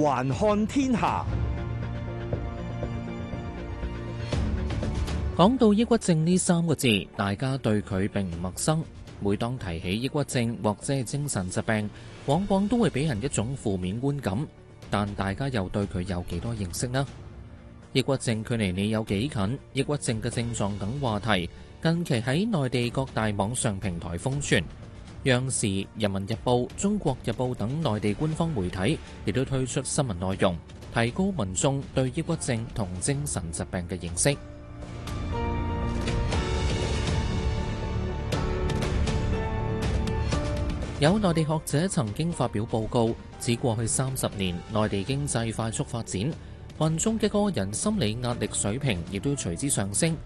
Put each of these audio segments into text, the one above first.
環看天下。講到抑鬱症呢三個字，大家對佢並唔陌生。每當提起抑鬱症或者係精神疾病，往往都會俾人一種負面觀感。但大家又對佢有幾多認識呢？抑鬱症距離你有幾近？抑鬱症嘅症狀等話題，近期喺內地各大網上平台瘋傳。央視、人民日報、中國日報等內地官方媒體亦都推出新聞內容，提高民眾對抑鬱症同精神疾病嘅認識。有內地學者曾經發表報告指，過去三十年內地經濟快速發展，民眾嘅個人心理壓力水平亦都隨之上升，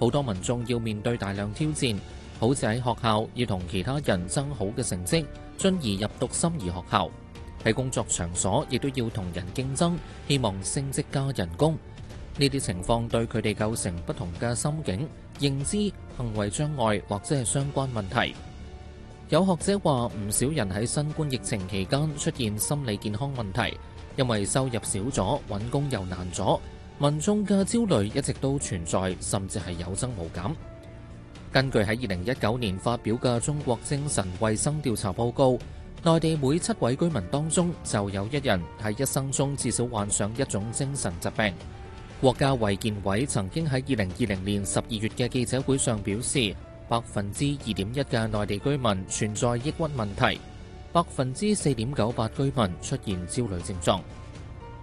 好多民眾要面對大量挑戰。 好似喺學校要同其他人爭好嘅成績，進而入讀心儀學校；喺工作場所亦都要同人競爭，希望升職加人工。呢啲情況對佢哋構成不同嘅心境、認知、行為障礙或者係相關問題。有學者話，唔少人喺新冠疫情期間出現心理健康問題，因為收入少咗、揾工又難咗，民眾嘅焦慮一直都存在，甚至係有增無減。根據喺二零一九年發表嘅中國精神衛生調查報告，內地每七位居民當中就有一人喺一生中至少患上一種精神疾病。國家衛健委曾經喺二零二零年十二月嘅記者會上表示，百分之二點一嘅內地居民存在抑鬱問題，百分之四點九八居民出現焦慮症狀。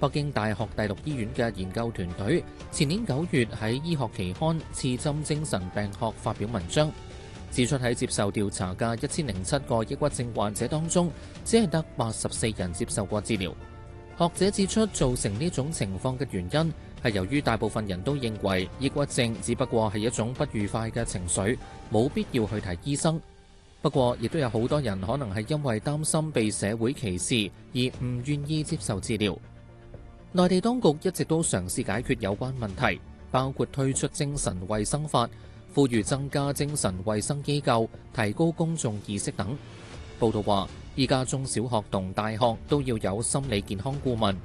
北京大學第六醫院嘅研究團隊前年九月喺醫學期刊《刺針精神病學》發表文章，指出喺接受調查嘅一千零七個抑鬱症患者當中，只係得八十四人接受過治療。學者指出，造成呢種情況嘅原因係由於大部分人都認為抑鬱症只不過係一種不愉快嘅情緒，冇必要去睇醫生。不過，亦都有好多人可能係因為擔心被社會歧視而唔願意接受治療。內地當局一直都嘗試解決有關問題，包括推出精神衛生法、賦予增加精神衛生機構、提高公眾意識等。報道話，依家中小學同大學都要有心理健康顧問，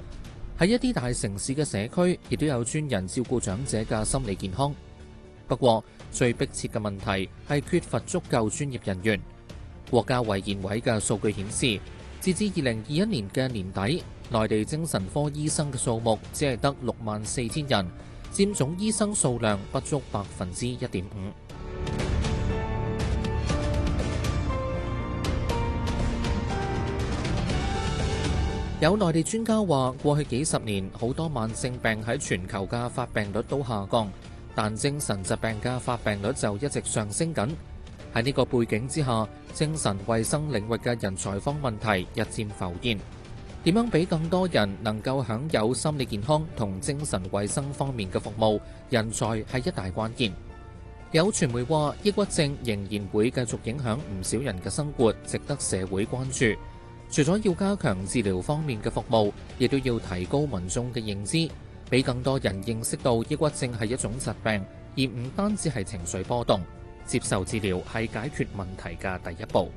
喺一啲大城市嘅社區亦都有專人照顧長者嘅心理健康。不過，最迫切嘅問題係缺乏足夠專業人員。國家衛健委嘅數據顯示，截至二零二一年嘅年底，內地精神科醫生嘅數目只係得六萬四千人，佔總醫生數量不足百分之一點五。有內地專家話：過去幾十年，好多慢性病喺全球嘅發病率都下降，但精神疾病嘅發病率就一直上升緊。喺呢個背景之下，精神衛生領域嘅人才荒問題日漸浮現。點樣俾更多人能夠享有心理健康同精神衛生方面嘅服務，人才係一大關鍵。有傳媒話，抑鬱症仍然會繼續影響唔少人嘅生活，值得社會關注。除咗要加強治療方面嘅服務，亦都要提高民眾嘅認知，俾更多人認識到抑鬱症係一種疾病，而唔單止係情緒波動。接受治療係解決問題嘅第一步。